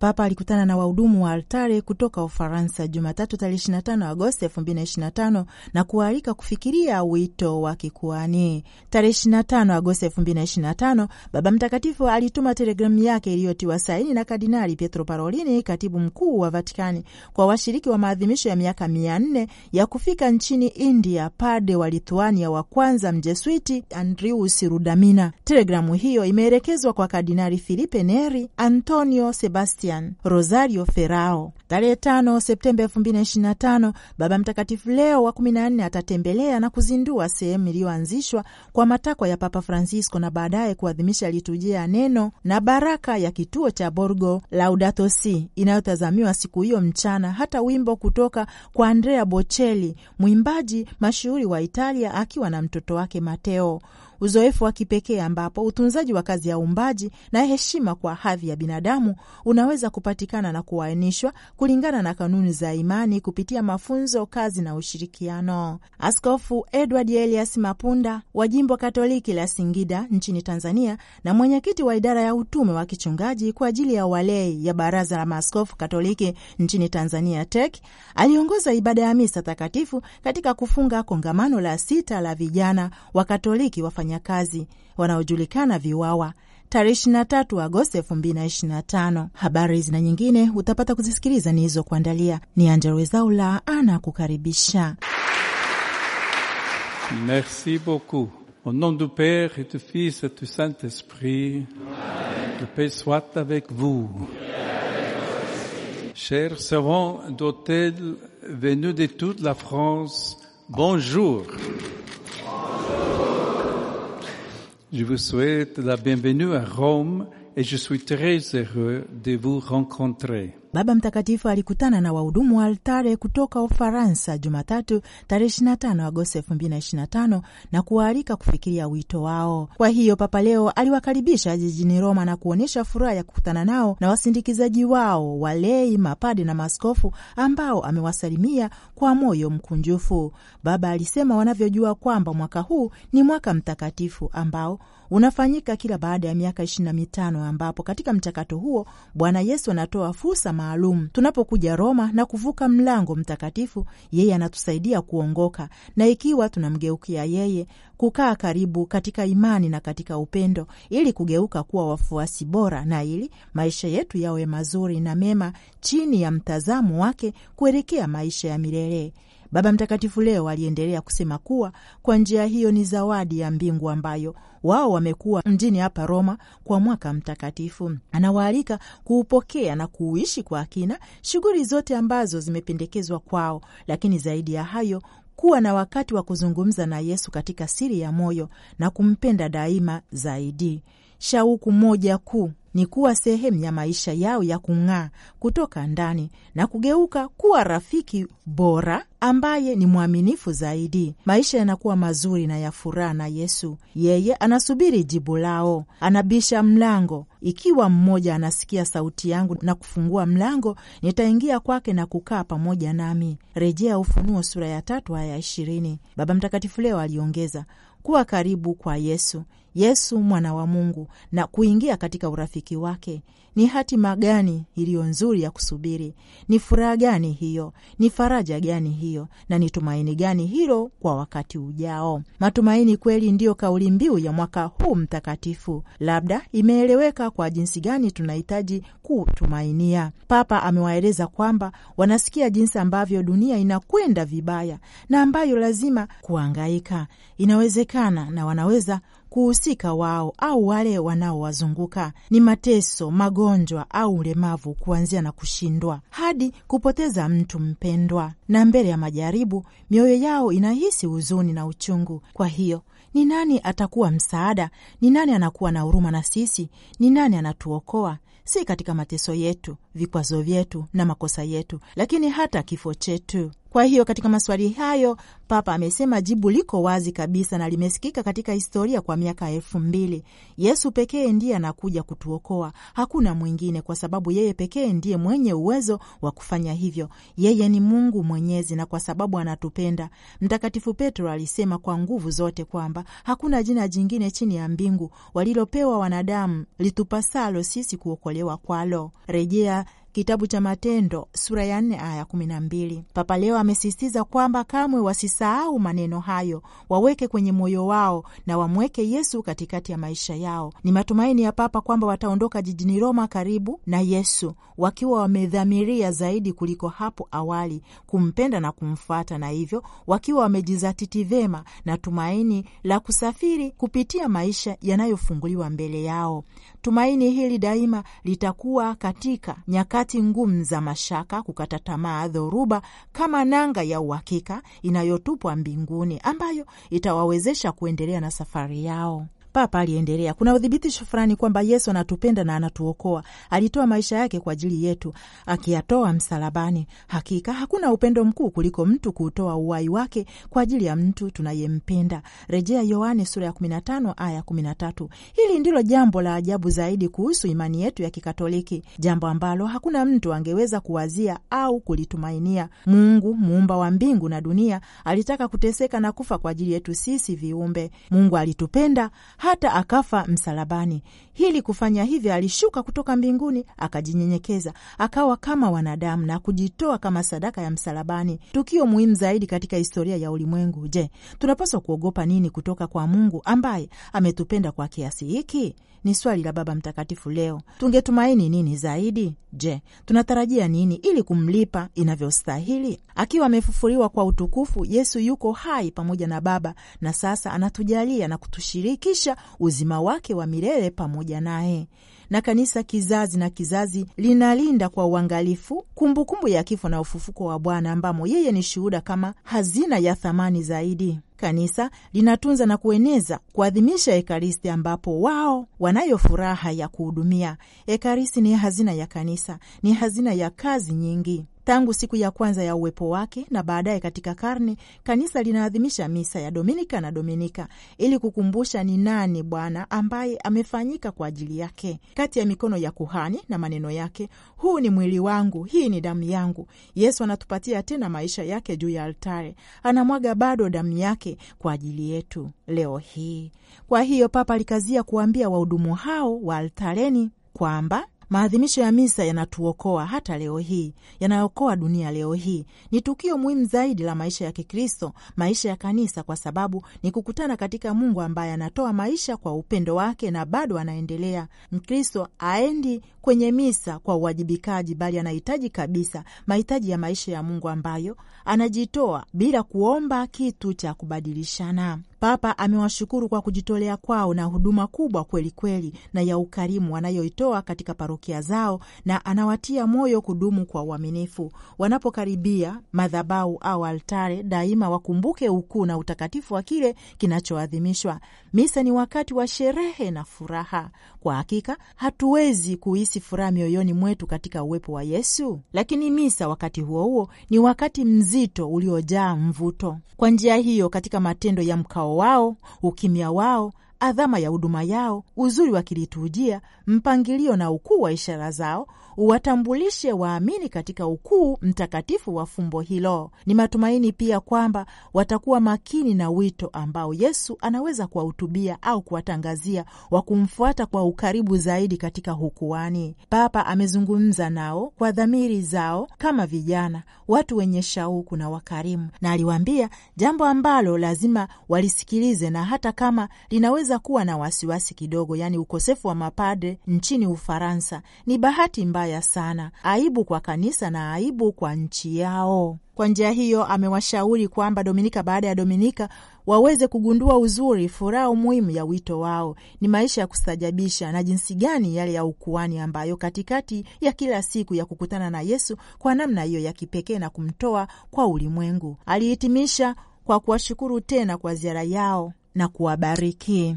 Papa alikutana na wahudumu wa altare kutoka Ufaransa Jumatatu tarehe 25 Agosti 2025 na kuwaalika kufikiria wito wa kikuani. Tarehe 25 Agosti 2025 Baba Mtakatifu alituma telegramu yake iliyotiwa saini na Kardinali Pietro Parolini, katibu mkuu wa Vatikani, kwa washiriki wa maadhimisho ya miaka 400 ya kufika nchini India pade wa Lithuania wa kwanza mjesuiti Andrius Rudamina. Telegramu hiyo imeelekezwa kwa Kardinali Filipe Neri, Antonio Sebastian Christian Rosario Ferrao. Tarehe 5 Septemba 2025 Baba Mtakatifu Leo wa 14 atatembelea na kuzindua sehemu iliyoanzishwa kwa matakwa ya Papa Francisco na baadaye kuadhimisha liturujia ya neno na baraka ya kituo cha Borgo Laudato Si inayotazamiwa siku hiyo mchana, hata wimbo kutoka kwa Andrea Bocelli, mwimbaji mashuhuri wa Italia, akiwa na mtoto wake Mateo uzoefu wa kipekee ambapo utunzaji wa kazi ya uumbaji na heshima kwa hadhi ya binadamu unaweza kupatikana na kuainishwa kulingana na kanuni za imani kupitia mafunzo, kazi na ushirikiano. Askofu Edward Elias Mapunda wa jimbo Katoliki la Singida nchini Tanzania na mwenyekiti wa idara ya utume wa kichungaji kwa ajili ya walei ya Baraza la Maaskofu Katoliki nchini Tanzania TEC aliongoza ibada ya misa takatifu katika kufunga kongamano la sita la vijana wa Katoliki wafanya wafanyakazi wanaojulikana VIWAWA tarehe 23 Agosti 2025. Habari zina nyingine utapata kuzisikiliza nilizokuandalia. Ni Angella Rwezaula kukaribisha. Merci beaucoup. Au nom du Père et du Fils et du Saint-Esprit. La paix soit avec vous. Chers savants d'hôtel venus de toute la France, bonjour. Je vous souhaite la bienvenue à Rome et je suis très heureux de vous rencontrer. Baba Mtakatifu alikutana na wahudumu wa altare kutoka Ufaransa Jumatatu tarehe 25 Agosti 2025 na kuwaalika kufikiria wito wao. Kwa hiyo Papa leo aliwakaribisha jijini Roma na kuonyesha furaha ya kukutana nao na wasindikizaji wao, walei, mapade na maskofu ambao amewasalimia kwa moyo mkunjufu. Baba alisema wanavyojua kwamba mwaka huu ni mwaka mtakatifu ambao unafanyika kila baada ya miaka 25 ambapo katika mchakato huo Bwana Yesu anatoa fursa maalum. Tunapokuja Roma na kuvuka mlango mtakatifu, yeye anatusaidia kuongoka, na ikiwa tunamgeukia yeye, kukaa karibu katika imani na katika upendo, ili kugeuka kuwa wafuasi bora, na ili maisha yetu yawe mazuri na mema chini ya mtazamo wake kuelekea maisha ya milele. Baba Mtakatifu leo aliendelea kusema kuwa kwa njia hiyo ni zawadi ya mbingu ambayo wao wamekuwa mjini hapa Roma kwa mwaka mtakatifu. Anawaalika kuupokea na kuuishi kwa akina shughuli zote ambazo zimependekezwa kwao, lakini zaidi ya hayo kuwa na wakati wa kuzungumza na Yesu katika siri ya moyo na kumpenda daima zaidi. Shauku moja kuu ni kuwa sehemu ya maisha yao ya kung'aa kutoka ndani na kugeuka kuwa rafiki bora ambaye ni mwaminifu zaidi. Maisha yanakuwa mazuri na ya furaha na Yesu. Yeye anasubiri jibu lao, anabisha mlango. Ikiwa mmoja anasikia sauti yangu na kufungua mlango, nitaingia kwake na kukaa pamoja nami. Rejea Ufunuo sura ya tatu aya ishirini. Baba Mtakatifu leo aliongeza kuwa karibu kwa Yesu Yesu mwana wa Mungu na kuingia katika urafiki wake. Ni hatima gani iliyo nzuri ya kusubiri! Ni furaha gani hiyo! Ni faraja gani hiyo! Na ni tumaini gani hilo kwa wakati ujao! Matumaini kweli ndiyo kauli mbiu ya mwaka huu mtakatifu. Labda imeeleweka kwa jinsi gani tunahitaji kutumainia. Papa amewaeleza kwamba wanasikia jinsi ambavyo dunia inakwenda vibaya na ambayo lazima kuangaika inawezekana, na wanaweza kuhusika wao au wale wanaowazunguka ni mateso, magonjwa au ulemavu, kuanzia na kushindwa hadi kupoteza mtu mpendwa. Na mbele ya majaribu, mioyo yao inahisi huzuni na uchungu. Kwa hiyo ni nani atakuwa msaada? Ni nani anakuwa na huruma na sisi? Ni nani anatuokoa? Si katika mateso yetu, vikwazo vyetu na makosa yetu, lakini hata kifo chetu. Kwa hiyo katika maswali hayo Papa amesema jibu liko wazi kabisa na limesikika katika historia kwa miaka elfu mbili. Yesu pekee ndiye anakuja kutuokoa, hakuna mwingine, kwa sababu yeye pekee ndiye mwenye uwezo wa kufanya hivyo. Yeye ni Mungu Mwenyezi, na kwa sababu anatupenda, Mtakatifu Petro alisema kwa nguvu zote kwamba hakuna jina jingine chini ya mbingu walilopewa wanadamu litupasalo sisi kuokolewa kwalo, rejea kitabu cha Matendo sura ya 4 aya 12. Papa leo amesisitiza kwamba kamwe wasisi wasisahau maneno hayo, waweke kwenye moyo wao na wamweke Yesu katikati ya maisha yao. Ni matumaini ya Papa kwamba wataondoka jijini Roma karibu na Yesu, wakiwa wamedhamiria zaidi kuliko hapo awali kumpenda na kumfuata, na hivyo wakiwa wamejizatiti vema na tumaini la kusafiri kupitia maisha yanayofunguliwa mbele yao. Tumaini hili daima litakuwa katika nyakati ngumu za mashaka, kukata tamaa, dhoruba kama nanga ya uhakika inayotu kutupwa mbinguni ambayo itawawezesha kuendelea na safari yao. Papa aliendelea, kuna udhibitisho fulani kwamba Yesu anatupenda na anatuokoa. Alitoa maisha yake kwa ajili yetu, akiyatoa msalabani. Hakika hakuna upendo mkuu kuliko mtu kuutoa uhai wake kwa ajili ya mtu tunayempenda, rejea Yohane sura ya 15 aya 13. Hili ndilo jambo la ajabu zaidi kuhusu imani yetu ya Kikatoliki, jambo ambalo hakuna mtu angeweza kuwazia au kulitumainia. Mungu muumba wa mbingu na dunia alitaka kuteseka na kufa kwa ajili yetu sisi viumbe. Mungu alitupenda hata akafa msalabani. Ili kufanya hivyo, alishuka kutoka mbinguni akajinyenyekeza, akawa kama wanadamu na kujitoa kama sadaka ya msalabani, tukio muhimu zaidi katika historia ya ulimwengu. Je, tunapaswa kuogopa nini kutoka kwa Mungu ambaye ametupenda kwa kiasi hiki? ni swali la Baba Mtakatifu leo. Tungetumaini nini zaidi? Je, tunatarajia nini ili kumlipa inavyostahili? Akiwa amefufuliwa kwa utukufu, Yesu yuko hai pamoja na Baba, na sasa anatujalia na kutushirikisha uzima wake wa milele pamoja naye na kanisa kizazi na kizazi linalinda kwa uangalifu kumbukumbu ya kifo na ufufuko wa Bwana ambamo yeye ni shuhuda kama hazina ya thamani zaidi. Kanisa linatunza na kueneza kuadhimisha Ekaristi ambapo wao wanayo furaha ya kuhudumia. Ekaristi ni hazina ya kanisa, ni hazina ya kazi nyingi. Tangu siku ya kwanza ya uwepo wake na baadaye katika karne, kanisa linaadhimisha misa ya Dominika na Dominika ili kukumbusha ni nani Bwana ambaye amefanyika kwa ajili yake. Kati ya mikono ya kuhani na maneno yake, huu ni mwili wangu, hii ni damu yangu, Yesu anatupatia tena maisha yake juu ya altare, anamwaga bado damu yake kwa ajili yetu leo hii. Kwa hiyo Papa alikazia kuwambia wahudumu hao wa altareni kwamba Maadhimisho ya misa yanatuokoa hata leo hii, yanayokoa dunia leo hii. Ni tukio muhimu zaidi la maisha ya Kikristo, maisha ya kanisa, kwa sababu ni kukutana katika Mungu ambaye anatoa maisha kwa upendo wake na bado anaendelea. Mkristo aendi kwenye misa kwa uwajibikaji, bali anahitaji kabisa mahitaji ya maisha ya Mungu ambayo anajitoa bila kuomba kitu cha kubadilishana. Papa amewashukuru kwa kujitolea kwao na huduma kubwa kweli kweli na ya ukarimu wanayoitoa katika parokia zao, na anawatia moyo kudumu kwa uaminifu. Wanapokaribia madhabahu au altare, daima wakumbuke ukuu na utakatifu wa kile kinachoadhimishwa. Misa ni wakati wa sherehe na furaha. Kwa hakika, hatuwezi kuhisi furaha mioyoni mwetu katika uwepo wa Yesu, lakini misa wakati huo huo ni wakati mzito uliojaa mvuto. Kwa njia hiyo, katika matendo ya mkao mtandao wao, ukimya wao, adhama ya huduma yao, uzuri wa kiliturujia, mpangilio na ukuu wa ishara zao uwatambulishe waamini katika ukuu mtakatifu wa fumbo hilo. Ni matumaini pia kwamba watakuwa makini na wito ambao Yesu anaweza kuwahutubia au kuwatangazia wa kumfuata kwa ukaribu zaidi katika hukuani. Papa amezungumza nao kwa dhamiri zao kama vijana, watu wenye shauku na wakarimu, na aliwaambia jambo ambalo lazima walisikilize na hata kama linaweza kuwa na wasiwasi kidogo, yaani ukosefu wa mapadre nchini Ufaransa ni bahati mba mbaya sana, aibu kwa kanisa na aibu kwa nchi yao. Kwa njia hiyo amewashauri kwamba Dominika baada ya Dominika waweze kugundua uzuri, furaha umuhimu ya wito wao, ni maisha ya kustajabisha na jinsi gani yale ya ukuani ambayo katikati ya kila siku ya kukutana na Yesu kwa namna hiyo ya kipekee na kumtoa kwa ulimwengu. Alihitimisha kwa kuwashukuru tena kwa ziara yao na kuwabariki.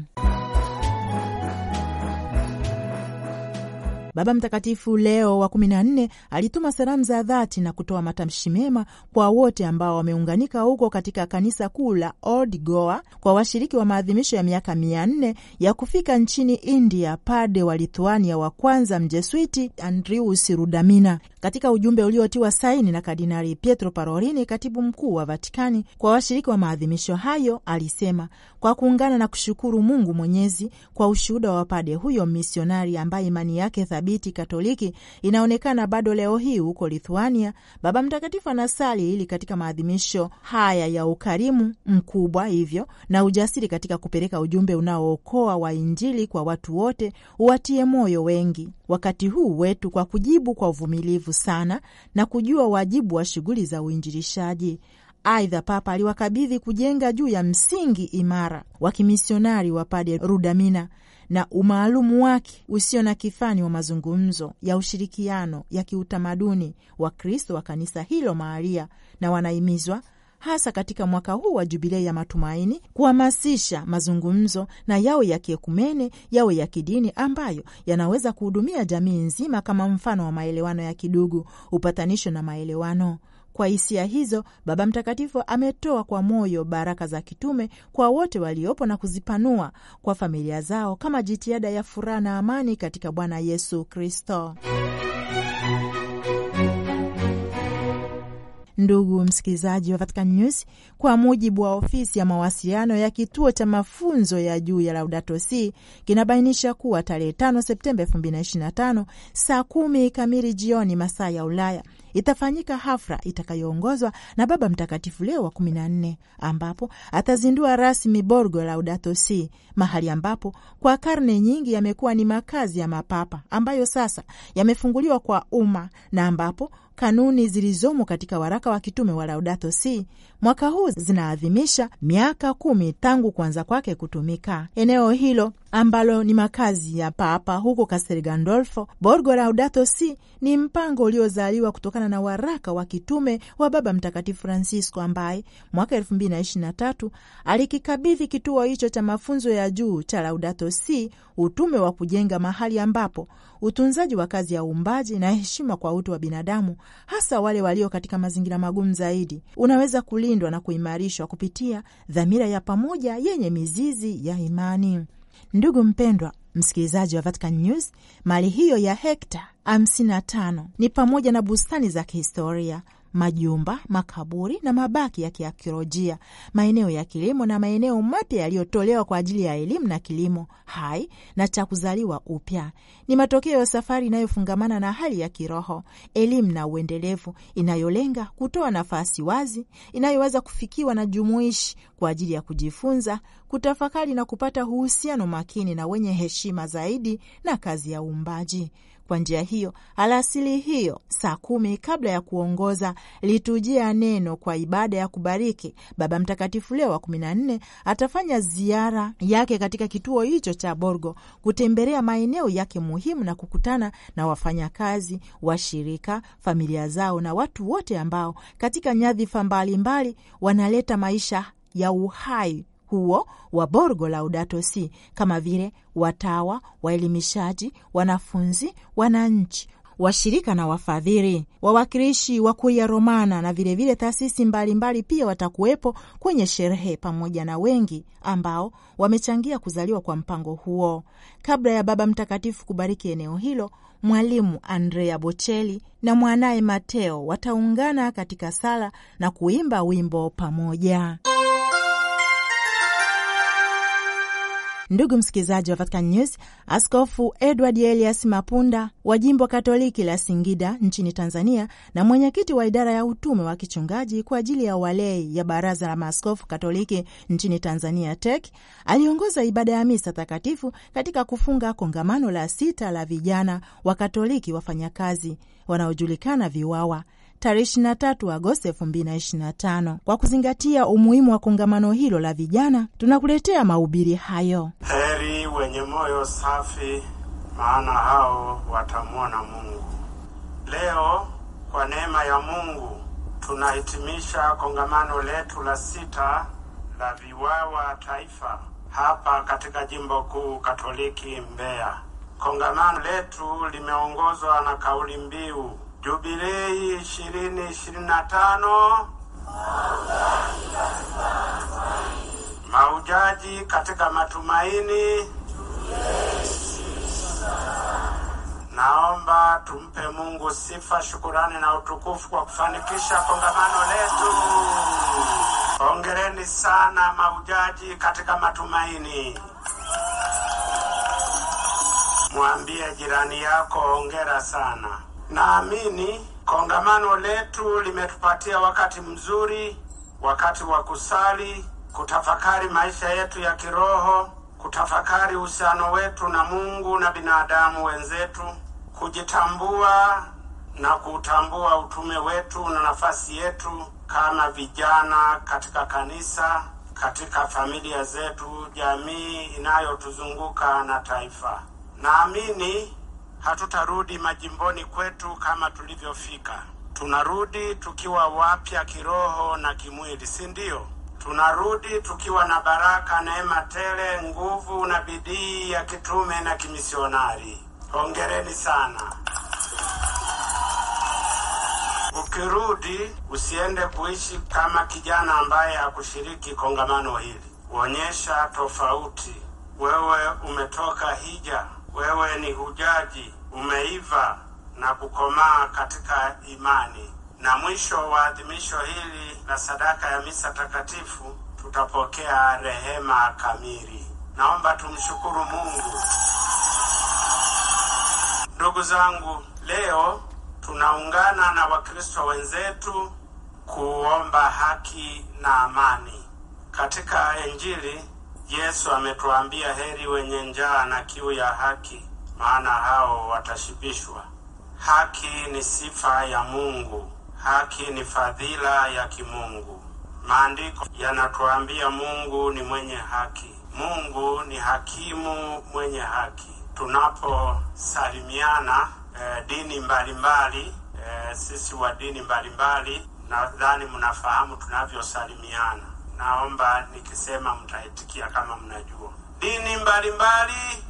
Baba Mtakatifu Leo wa kumi na nne alituma salamu za dhati na kutoa matamshi mema kwa wote ambao wameunganika huko katika kanisa kuu la Old Goa kwa washiriki wa maadhimisho ya miaka mia nne ya kufika nchini India pade wa Lithuania wa kwanza mjesuiti Andrius Rudamina katika ujumbe uliotiwa saini na Kardinali Pietro Parolini, katibu mkuu wa Vatikani, kwa washiriki wa maadhimisho hayo, alisema kwa kuungana na kushukuru Mungu Mwenyezi kwa ushuhuda wa pade huyo misionari ambaye imani yake thabiti Katoliki inaonekana bado leo hii huko Lithuania, Baba Mtakatifu anasali ili katika maadhimisho haya ya ukarimu mkubwa hivyo na ujasiri katika kupeleka ujumbe unaookoa wa Injili kwa watu wote, uwatie moyo wengi wakati huu wetu kwa kujibu kwa uvumilivu sana na kujua wajibu wa shughuli za uinjilishaji. Aidha, Papa aliwakabidhi kujenga juu ya msingi imara wa kimisionari wa Padre Rudamina na umaalumu wake usio na kifani wa mazungumzo ya ushirikiano ya kiutamaduni wa Kristo wa kanisa hilo mahalia, na wanahimizwa hasa katika mwaka huu wa Jubilei ya matumaini, kuhamasisha mazungumzo na yawe ya kiekumene, yawe ya kidini, ambayo yanaweza kuhudumia jamii nzima kama mfano wa maelewano ya kidugu, upatanisho na maelewano. Kwa hisia hizo Baba Mtakatifu ametoa kwa moyo baraka za kitume kwa wote waliopo na kuzipanua kwa familia zao kama jitihada ya furaha na amani katika Bwana Yesu Kristo. Ndugu msikilizaji wa Vatican News, kwa mujibu wa ofisi ya mawasiliano ya kituo cha mafunzo ya juu ya Laudato Si kinabainisha kuwa tarehe 5 Septemba 2025 saa kumi kamili jioni masaa ya Ulaya itafanyika hafla itakayoongozwa na Baba Mtakatifu Leo wa 14 ambapo atazindua rasmi Borgo Laudato Si, mahali ambapo kwa karne nyingi yamekuwa ni makazi ya mapapa ambayo sasa yamefunguliwa kwa umma na ambapo Kanuni zilizomo katika waraka wa kitume wa Laudato Si mwaka huu zinaadhimisha miaka kumi tangu kuanza kwake kutumika. Eneo hilo ambalo ni makazi ya Papa huko Castel Gandolfo, Borgo Laudato Si ni mpango uliozaliwa kutokana na waraka wa kitume wa Baba Mtakatifu Francisco, ambaye mwaka 2023 alikikabidhi kituo hicho cha mafunzo ya juu cha Laudato Si utume wa kujenga mahali ambapo utunzaji wa kazi ya uumbaji na heshima kwa utu wa binadamu, hasa wale walio katika mazingira magumu zaidi, unaweza kulindwa na kuimarishwa kupitia dhamira ya pamoja yenye mizizi ya imani. Ndugu mpendwa msikilizaji wa Vatican News, mali hiyo ya hekta 55 ni pamoja na bustani za kihistoria, majumba, makaburi na mabaki ya kiakiolojia, maeneo ya kilimo na maeneo mapya yaliyotolewa kwa ajili ya elimu na kilimo hai na cha kuzaliwa upya. Ni matokeo ya safari inayofungamana na hali ya kiroho, elimu na uendelevu, inayolenga kutoa nafasi wazi inayoweza kufikiwa na jumuishi kwa ajili ya kujifunza kutafakari na kupata uhusiano makini na wenye heshima zaidi na kazi ya uumbaji. Kwa njia hiyo, alasili hiyo saa kumi kabla ya kuongoza litujia neno kwa ibada ya kubariki, Baba Mtakatifu Leo wa kumi na nne atafanya ziara yake katika kituo hicho cha Borgo kutembelea maeneo yake muhimu na kukutana na wafanyakazi, washirika, familia zao na watu wote ambao katika nyadhifa mbalimbali wanaleta maisha ya uhai huo wa Borgo Laudato Si, kama vile watawa, waelimishaji, wanafunzi, wananchi washirika na wafadhili, wawakilishi wa Kuria Romana na vilevile taasisi mbalimbali pia watakuwepo kwenye sherehe, pamoja na wengi ambao wamechangia kuzaliwa kwa mpango huo. Kabla ya Baba Mtakatifu kubariki eneo hilo, Mwalimu Andrea Bocelli na mwanaye Mateo wataungana katika sala na kuimba wimbo pamoja. Ndugu msikilizaji wa Vatican News, Askofu Edward Elias Mapunda wa jimbo Katoliki la Singida nchini Tanzania na mwenyekiti wa idara ya utume wa kichungaji kwa ajili ya walei ya Baraza la Maaskofu Katoliki nchini Tanzania TEC aliongoza ibada ya misa takatifu katika kufunga kongamano la sita la vijana wa Katoliki wafanyakazi wanaojulikana VIWAWA tarehe 23 Agosti 2025. Kwa kuzingatia umuhimu wa kongamano hilo la vijana, tunakuletea mahubiri hayo. Heri wenye moyo safi, maana hao watamwona Mungu. Leo kwa neema ya Mungu tunahitimisha kongamano letu la sita la viwawa taifa hapa katika jimbo kuu Katoliki Mbeya. Kongamano letu limeongozwa na kauli mbiu Jubilei ishirini ishirini na tano maujaji katika matumaini. Naomba tumpe Mungu sifa, shukurani na utukufu kwa kufanikisha kongamano letu. Hongereni sana maujaji katika matumaini. Mwambie jirani yako hongera sana. Naamini kongamano letu limetupatia wakati mzuri, wakati wa kusali, kutafakari maisha yetu ya kiroho, kutafakari uhusiano wetu na Mungu na binadamu wenzetu, kujitambua na kutambua utume wetu na nafasi yetu kama vijana katika kanisa, katika familia zetu, jamii inayotuzunguka na taifa. Naamini hatutarudi majimboni kwetu kama tulivyofika. Tunarudi tukiwa wapya kiroho na kimwili, si ndio? Tunarudi tukiwa na baraka, neema tele, nguvu na bidii ya kitume na kimisionari. Hongereni sana. Ukirudi usiende kuishi kama kijana ambaye hakushiriki kongamano hili. Uonyesha tofauti. Wewe umetoka hija wewe ni hujaji umeiva na kukomaa katika imani. Na mwisho wa adhimisho hili la sadaka ya misa takatifu tutapokea rehema kamili. Naomba tumshukuru Mungu. Ndugu zangu, leo tunaungana na Wakristo wenzetu kuomba haki na amani. Katika Injili Yesu ametuambia, heri wenye njaa na kiu ya haki, maana hao watashibishwa. Haki ni sifa ya Mungu. Haki ni fadhila ya kimungu. Maandiko yanatuambia Mungu ni mwenye haki. Mungu ni hakimu mwenye haki. Tunaposalimiana e, dini mbalimbali e, sisi wa dini mbalimbali, nadhani mnafahamu tunavyosalimiana Naomba nikisema mtaitikia kama mnajua. Dini mbalimbali,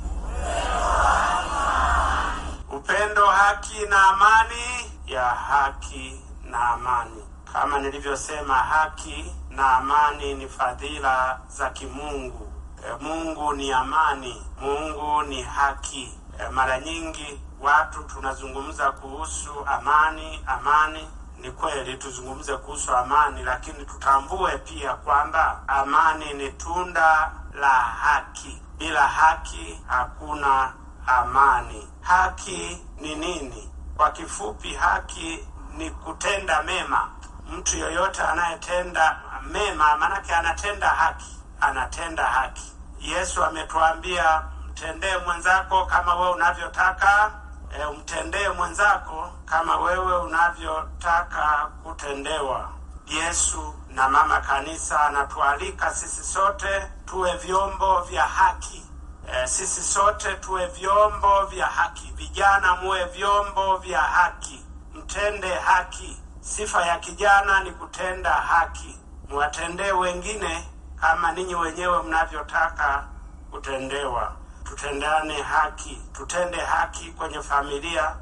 upendo, haki na amani ya haki na amani. Kama nilivyosema, haki na amani ni fadhila za kimungu. E, Mungu ni amani, Mungu ni haki. E, mara nyingi watu tunazungumza kuhusu amani, amani ni kweli tuzungumze kuhusu amani, lakini tutambue pia kwamba amani ni tunda la haki. Bila haki hakuna amani. Haki ni nini? Kwa kifupi, haki ni kutenda mema. Mtu yoyote anayetenda mema, maanake anatenda haki, anatenda haki. Yesu ametuambia mtendee mwenzako kama wewe unavyotaka e, umtendee mwenzako kama wewe unavyotaka kutendewa. Yesu na mama kanisa anatualika sisi sote tuwe vyombo vya haki. E, sisi sote tuwe vyombo vya haki. Vijana muwe vyombo vya haki, mtende haki. Sifa ya kijana ni kutenda haki. Mwatendee wengine kama ninyi wenyewe mnavyotaka kutendewa tutendane haki, tutende haki kwenye familia,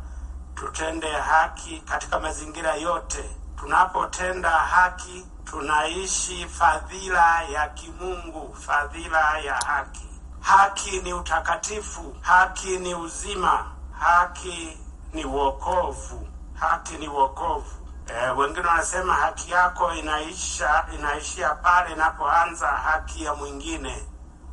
tutende haki katika mazingira yote. Tunapotenda haki, tunaishi fadhila ya kimungu, fadhila ya haki. Haki ni utakatifu, haki ni uzima, haki ni wokovu, haki ni wokovu. E, wengine wanasema haki yako inaisha inaishia pale inapoanza haki ya mwingine.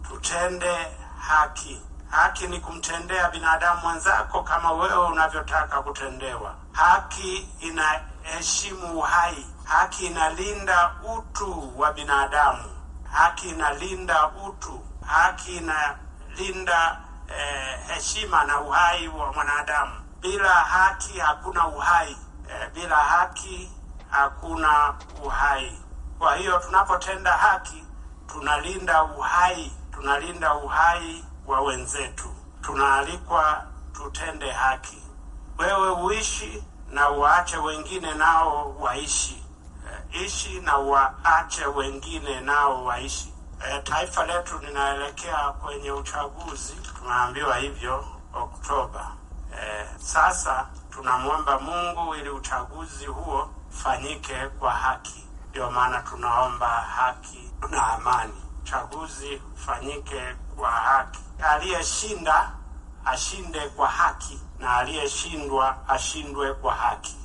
Tutende haki. Haki ni kumtendea binadamu mwenzako kama wewe unavyotaka kutendewa. Haki inaheshimu uhai, haki inalinda utu wa binadamu, haki inalinda utu, haki inalinda eh, heshima na uhai wa mwanadamu. Bila haki hakuna uhai eh, bila haki hakuna uhai. Kwa hiyo tunapotenda haki tunalinda uhai, tunalinda uhai wa wenzetu. Tunaalikwa tutende haki, wewe uishi na uache wengine nao waishi, eh, ishi na waache wengine nao waishi. E, taifa letu linaelekea kwenye uchaguzi, tunaambiwa hivyo Oktoba. E, sasa tunamwomba Mungu ili uchaguzi huo ufanyike kwa haki. Ndio maana tunaomba haki na amani, uchaguzi ufanyike kwa haki. Aliyeshinda ashinde kwa haki na aliyeshindwa ashindwe kwa haki.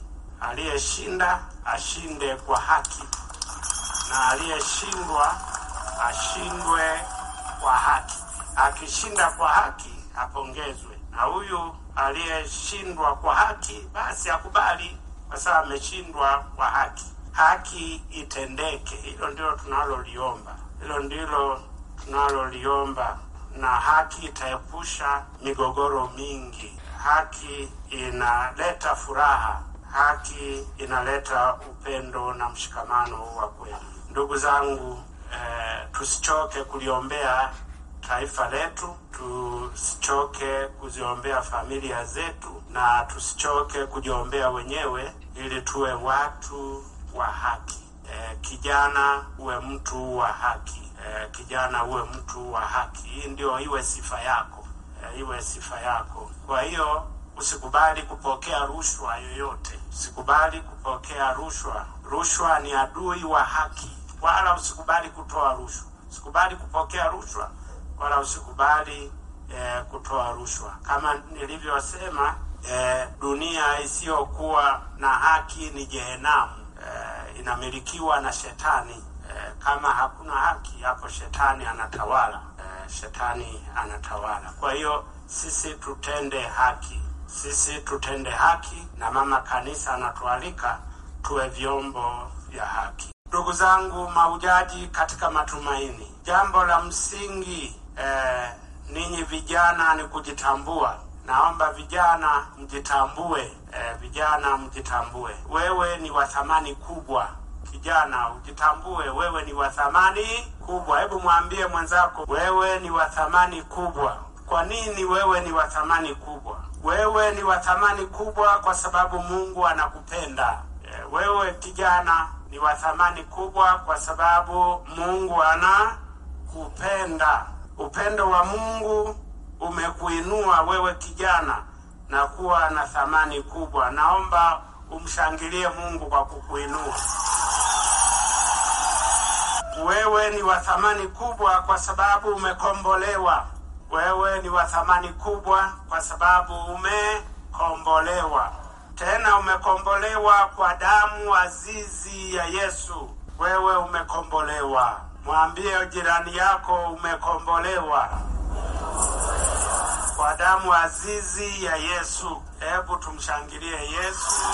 Aliyeshinda ashinde kwa haki na aliyeshindwa ashindwe kwa haki. Akishinda kwa haki apongezwe, na huyu aliyeshindwa kwa haki basi akubali, kwa sababu ameshindwa kwa haki. Haki itendeke, hilo ndilo tunaloliomba, hilo ndilo tunaloliomba, na haki itaepusha migogoro mingi. Haki inaleta furaha, haki inaleta upendo na mshikamano wa kweli. Ndugu zangu, eh, tusichoke kuliombea taifa letu, tusichoke kuziombea familia zetu, na tusichoke kujiombea wenyewe, ili tuwe watu wa haki. Eh, kijana, uwe mtu wa haki eh, kijana uwe mtu wa haki. Hii ndio iwe sifa yako eh, iwe sifa yako. Kwa hiyo usikubali kupokea rushwa yoyote, usikubali kupokea rushwa. Rushwa ni adui wa haki, wala usikubali kutoa rushwa, usikubali kupokea rushwa, wala usikubali eh, kutoa rushwa. Kama nilivyosema, eh, dunia isiyokuwa na haki ni jehenamu, eh, inamilikiwa na shetani. Eh, kama hakuna haki hapo shetani anatawala E, shetani anatawala. Kwa hiyo sisi tutende haki, sisi tutende haki, na mama kanisa anatualika tuwe vyombo vya haki. Ndugu zangu maujaji katika matumaini, jambo la msingi e, ninyi vijana ni kujitambua. Naomba vijana mjitambue, e, vijana mjitambue, wewe ni wa thamani kubwa kijana, ujitambue, wewe ni wa thamani kubwa. Hebu mwambie mwenzako, wewe ni wa thamani kubwa. Kwa nini wewe ni wa thamani kubwa? Wewe ni wa thamani kubwa kwa sababu Mungu anakupenda e, wewe. Kijana ni wa thamani kubwa kwa sababu Mungu anakupenda. Upendo wa Mungu umekuinua wewe kijana na kuwa na thamani kubwa. Naomba umshangilie Mungu kwa kukuinua. Wewe ni wa thamani kubwa kwa sababu umekombolewa. Wewe ni wa thamani kubwa kwa sababu umekombolewa, tena umekombolewa kwa damu azizi ya Yesu. Wewe umekombolewa. Mwambie jirani yako umekombolewa kwa damu azizi ya Yesu. Hebu tumshangilie Yesu.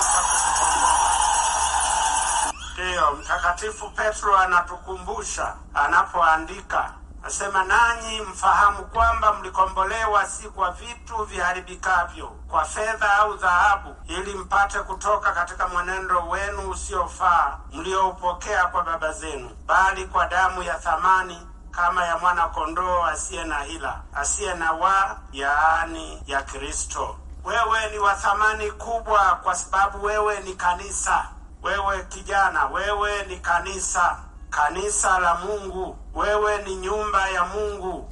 Ndiyo, Mtakatifu Petro anatukumbusha anapoandika, asema nanyi mfahamu kwamba mlikombolewa si kwa vitu viharibikavyo, kwa fedha au dhahabu, ili mpate kutoka katika mwenendo wenu usiofaa mlioupokea kwa baba zenu, bali kwa damu ya thamani kama ya mwana-kondoo asiye na hila, asiye na wa yaani ya Kristo. Wewe ni wa thamani kubwa, kwa sababu wewe ni kanisa. Wewe kijana, wewe ni kanisa, kanisa la Mungu. Wewe ni nyumba ya Mungu,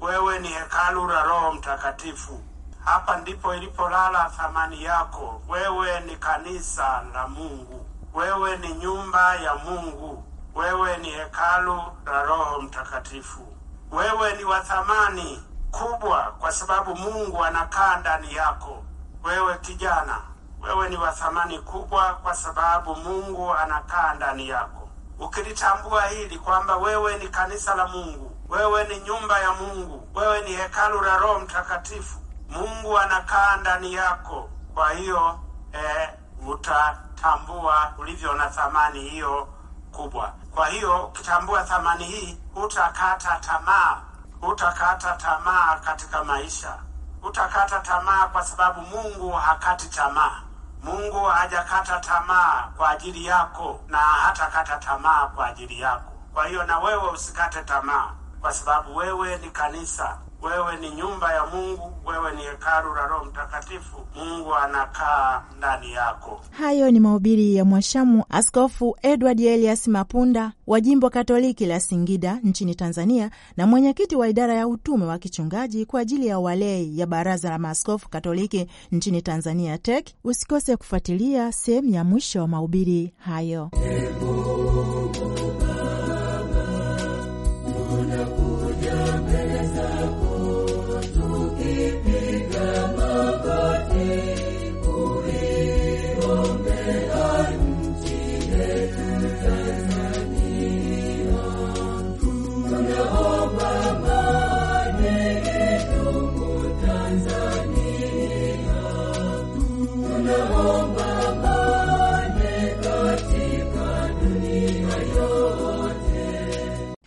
wewe ni hekalu la Roho Mtakatifu. Hapa ndipo ilipolala thamani yako. Wewe ni kanisa la Mungu, wewe ni nyumba ya Mungu. Wewe ni hekalu la Roho Mtakatifu. Wewe ni wa thamani kubwa, kwa sababu Mungu anakaa ndani yako. Wewe kijana, wewe ni wa thamani kubwa, kwa sababu Mungu anakaa ndani yako. Ukilitambua hili kwamba wewe ni kanisa la Mungu, wewe ni nyumba ya Mungu, wewe ni hekalu la Roho Mtakatifu, Mungu anakaa ndani yako. Kwa hiyo eh, utatambua ulivyo na thamani hiyo kubwa. Kwa hiyo ukitambua thamani hii, hutakata tamaa, hutakata tamaa katika maisha, hutakata tamaa kwa sababu Mungu hakati tamaa. Mungu hajakata tamaa kwa ajili yako na hatakata tamaa kwa ajili yako. Kwa hiyo na wewe usikate tamaa, kwa sababu wewe ni kanisa. Wewe ni nyumba ya Mungu, wewe ni hekalu la Roho Mtakatifu, Mungu anakaa ndani yako. Hayo ni mahubiri ya mwashamu Askofu Edward Elias Mapunda wa jimbo Katoliki la Singida nchini Tanzania na mwenyekiti wa idara ya utume wa kichungaji kwa ajili ya walei ya Baraza la Maaskofu Katoliki nchini Tanzania TEC. Usikose kufuatilia sehemu ya mwisho wa mahubiri hayo Ebu.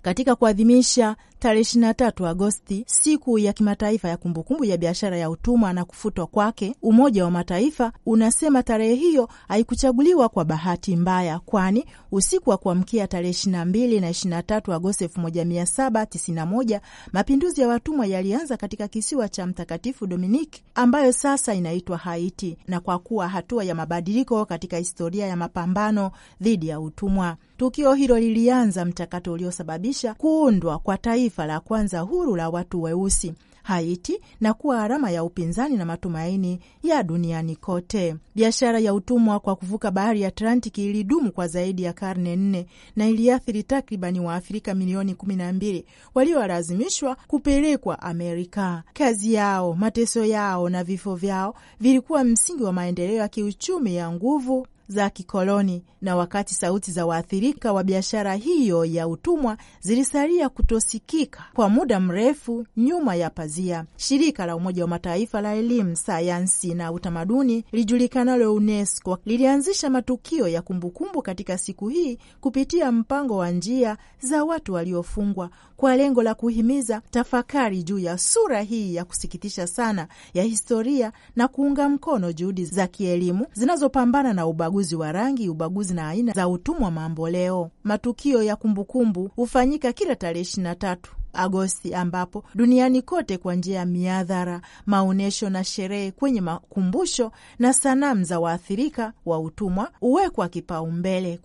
Katika kuadhimisha tarehe 23 Agosti, siku ya kimataifa ya kumbukumbu ya biashara ya utumwa na kufutwa kwake, Umoja wa Mataifa unasema tarehe hiyo haikuchaguliwa kwa bahati mbaya, kwani usiku wa kuamkia tarehe 22 na 23 Agosti 1791 mapinduzi ya watumwa yalianza katika kisiwa cha Mtakatifu Dominiki ambayo sasa inaitwa Haiti, na kwa kuwa hatua ya mabadiliko katika historia ya mapambano dhidi ya utumwa, tukio hilo lilianza mchakato uliosababisha kuundwa kwa taifa taifa la kwanza huru la watu weusi Haiti na kuwa alama ya upinzani na matumaini ya duniani kote. Biashara ya utumwa kwa kuvuka bahari ya Atlantiki ilidumu kwa zaidi ya karne nne na iliathiri takribani Waafrika milioni kumi na mbili waliolazimishwa kupelekwa Amerika. Kazi yao, mateso yao na vifo vyao vilikuwa msingi wa maendeleo ya kiuchumi ya nguvu za kikoloni, na wakati sauti za waathirika wa biashara hiyo ya utumwa zilisalia kutosikika kwa muda mrefu nyuma ya pazia, shirika la Umoja wa Mataifa la elimu, sayansi na utamaduni lijulikanalo UNESCO lilianzisha matukio ya kumbukumbu katika siku hii kupitia mpango wa njia za watu waliofungwa kwa lengo la kuhimiza tafakari juu ya sura hii ya kusikitisha sana ya historia na kuunga mkono juhudi za kielimu zinazopambana na ubaguzi ubaguzi wa rangi, ubaguzi na aina za utumwa mamboleo. Matukio ya kumbukumbu hufanyika -kumbu kila tarehe ishirini na tatu Agosti ambapo duniani kote kwa njia ya miadhara, maonyesho na sherehe kwenye makumbusho na sanamu za waathirika wa utumwa huwekwa kipaumbele.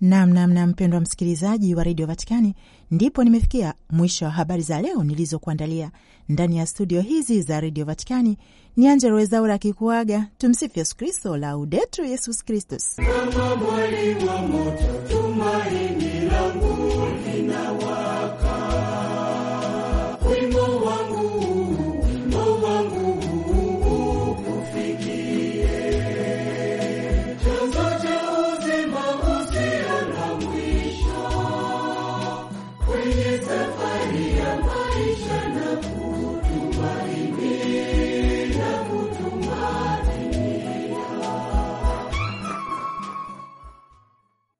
Namnamna mpendwa msikilizaji wa redio Vatikani, ndipo nimefikia mwisho wa habari za leo nilizokuandalia ndani ya studio hizi za redio Vatikani. Ni Angella Rwezaura akikuaga. Tumsifu Yesu Kristo, Laudetur Yesus Kristus. Kama mwali wa moto, tumaini langu linawa